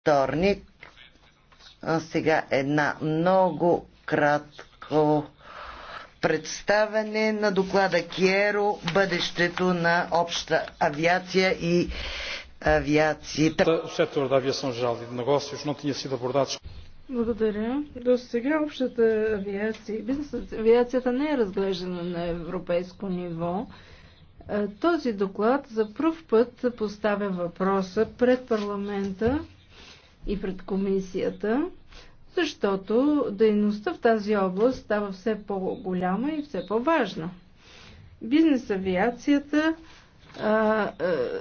вторник. А сега една много кратко представяне на доклада Киеро бъдещето на обща авиация и авиацията. Благодаря. До сега общата авиация, бизнес авиацията не е разглеждана на европейско ниво. Е, този доклад за първ път поставя въпроса пред парламента и пред комисията, защото дейността в тази област става все по-голяма и все по-важна. Бизнес авиацията а, а,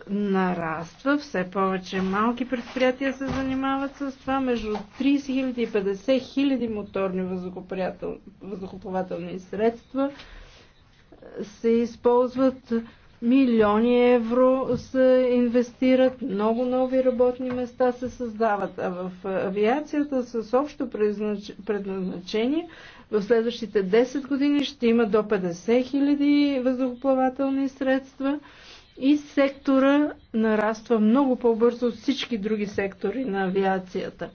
нараства, все повече малки предприятия се занимават с това, между 30 и 50 000 моторни въздухоплавателни средства се използват Милиони евро се инвестират, много нови работни места се създават, а в авиацията с общо предназначение в следващите 10 години ще има до 50 хиляди въздухоплавателни средства и сектора нараства много по-бързо от всички други сектори на авиацията.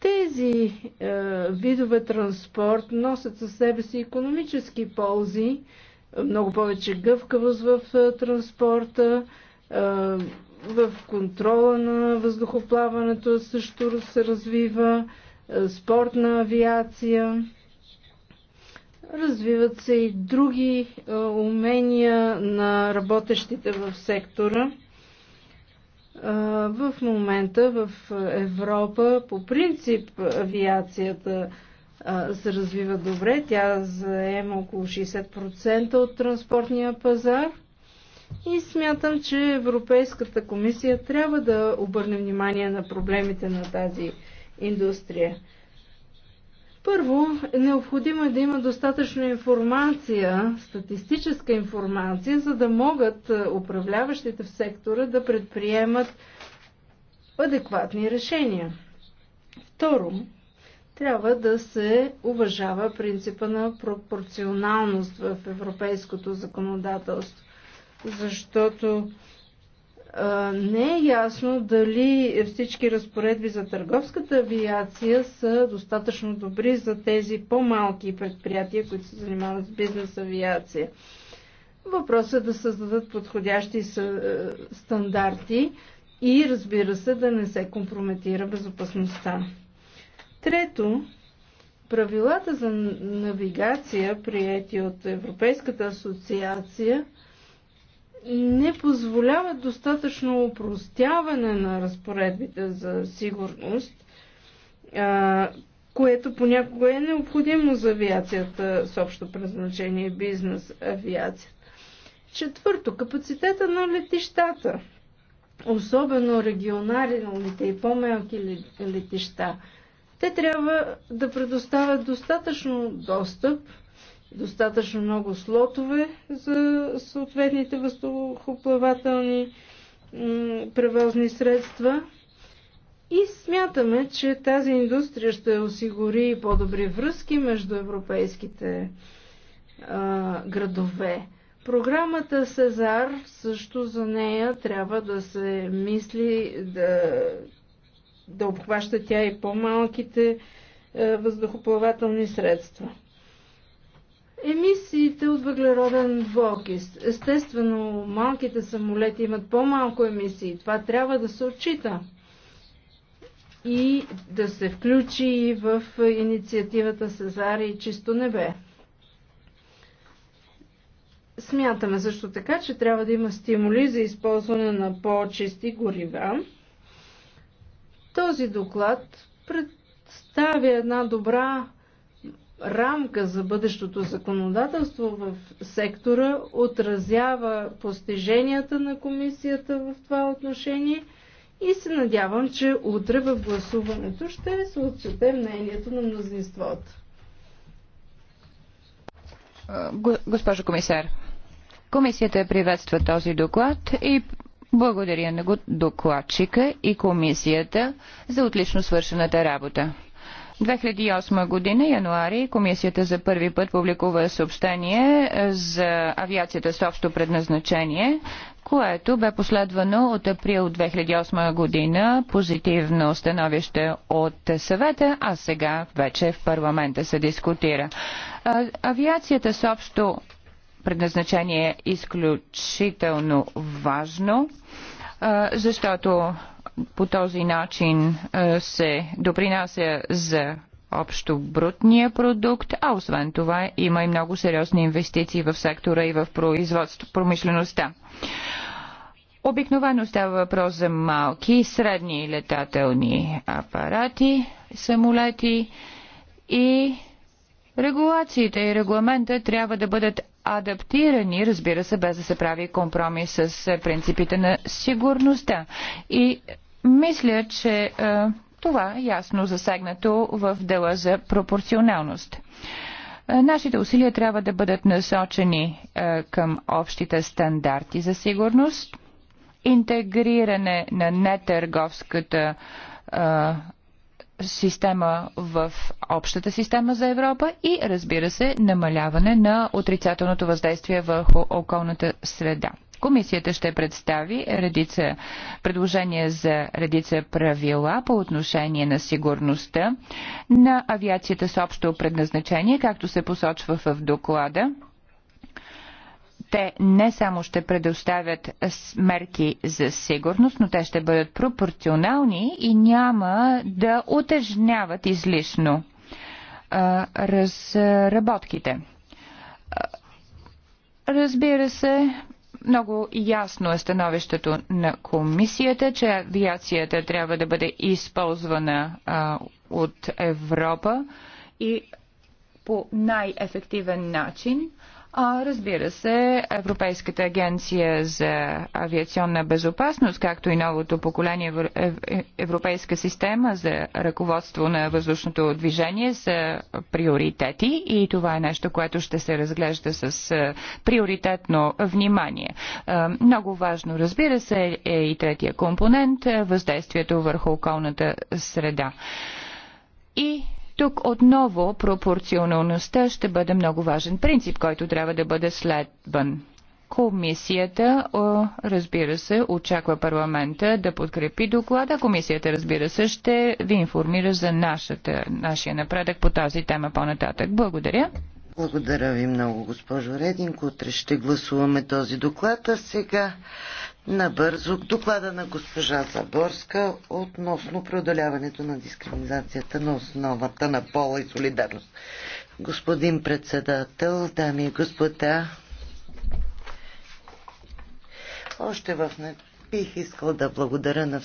Тези е, видове транспорт носят със себе си економически ползи, много повече гъвкавост в е, транспорта, е, в контрола на въздухоплаването също се развива, е, спортна авиация. Развиват се и други умения на работещите в сектора. В момента в Европа по принцип авиацията се развива добре. Тя заема около 60% от транспортния пазар. И смятам, че Европейската комисия трябва да обърне внимание на проблемите на тази индустрия. Първо, необходимо е да има достатъчно информация, статистическа информация, за да могат управляващите в сектора да предприемат адекватни решения. Второ, трябва да се уважава принципа на пропорционалност в европейското законодателство, защото а, не е ясно дали всички разпоредби за търговската авиация са достатъчно добри за тези по-малки предприятия, които се занимават с бизнес авиация. Въпросът е да създадат подходящи стандарти и разбира се да не се компрометира безопасността. Трето, правилата за навигация, приети от Европейската асоциация, не позволяват достатъчно упростяване на разпоредбите за сигурност, което понякога е необходимо за авиацията с общо предназначение бизнес авиацията. Четвърто, капацитета на летищата, особено регионалните и по-малки летища – те трябва да предоставят достатъчно достъп, достатъчно много слотове за съответните въздухоплавателни превозни средства. И смятаме, че тази индустрия ще осигури по-добри връзки между европейските а, градове. Програмата Сезар също за нея трябва да се мисли да да обхваща тя и по-малките е, въздухоплавателни средства. Емисиите от въглероден двуокис. Естествено, малките самолети имат по-малко емисии. Това трябва да се отчита и да се включи и в инициативата Сезари и Чисто небе. Смятаме също така, че трябва да има стимули за използване на по-чисти горива. Този доклад представя една добра рамка за бъдещото законодателство в сектора, отразява постиженията на комисията в това отношение и се надявам, че утре в гласуването ще се отчете мнението на мнозинството. Госпожо комисар, комисията приветства този доклад и благодаря на докладчика и комисията за отлично свършената работа. 2008 година, януари, комисията за първи път публикува съобщение е, за авиацията с общо предназначение, което бе последвано от април 2008 година позитивно становище от съвета, а сега вече в парламента се дискутира. Авиацията с общо предназначение е изключително важно, защото по този начин се допринася за общо брутния продукт, а освен това има и много сериозни инвестиции в сектора и в производство, промишлеността. Обикновено става въпрос за малки и средни летателни апарати, самолети и регулациите и регламента трябва да бъдат адаптирани, разбира се, без да се прави компромис с е, принципите на сигурността. И мисля, че е, това е ясно засегнато в дела за пропорционалност. Е, нашите усилия трябва да бъдат насочени към общите стандарти за сигурност, интегриране на нетърговската система в общата система за Европа и, разбира се, намаляване на отрицателното въздействие върху околната среда. Комисията ще представи редица предложения за редица правила по отношение на сигурността на авиацията с общо предназначение, както се посочва в доклада те не само ще предоставят мерки за сигурност, но те ще бъдат пропорционални и няма да отежняват излишно а, разработките. Разбира се, много ясно е становището на комисията, че авиацията трябва да бъде използвана а, от Европа и по най-ефективен начин. А, а, разбира се, Европейската агенция за авиационна безопасност, както и новото поколение е, Европейска система за ръководство на въздушното движение са приоритети и това е нещо, което ще се разглежда с е, приоритетно внимание. Е, много важно, разбира се, е и третия компонент въздействието върху околната среда. И тук отново пропорционалността ще бъде много важен принцип, който трябва да бъде следван. Комисията, разбира се, очаква парламента да подкрепи доклада. Комисията, разбира се, ще ви информира за нашата, нашия напредък по тази тема по-нататък. Благодаря. Благодаря ви много, госпожо Рединко. Утре ще гласуваме този доклад, а сега набързо доклада на госпожа Заборска относно преодоляването на дискриминацията на основата на пола и солидарност. Господин председател, дами и господа, още в бих искал да благодаря на